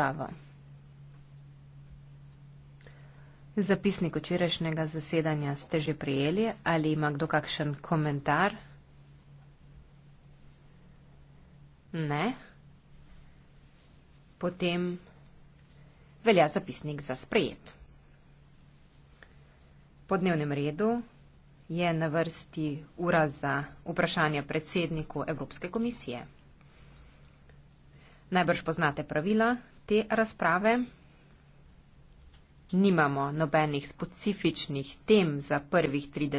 razprava. Zapisnik včerajšnjega zasedanja ste že prijeli ali ima kdo kakšen komentar? Ne. Potem velja zapisnik za sprejet. Po dnevnem redu je na vrsti ura za vprašanje predsedniku Evropske komisije. Najbrž poznate pravila, te razprave? Nimamo nobenih specifičnih tem za prvih 30.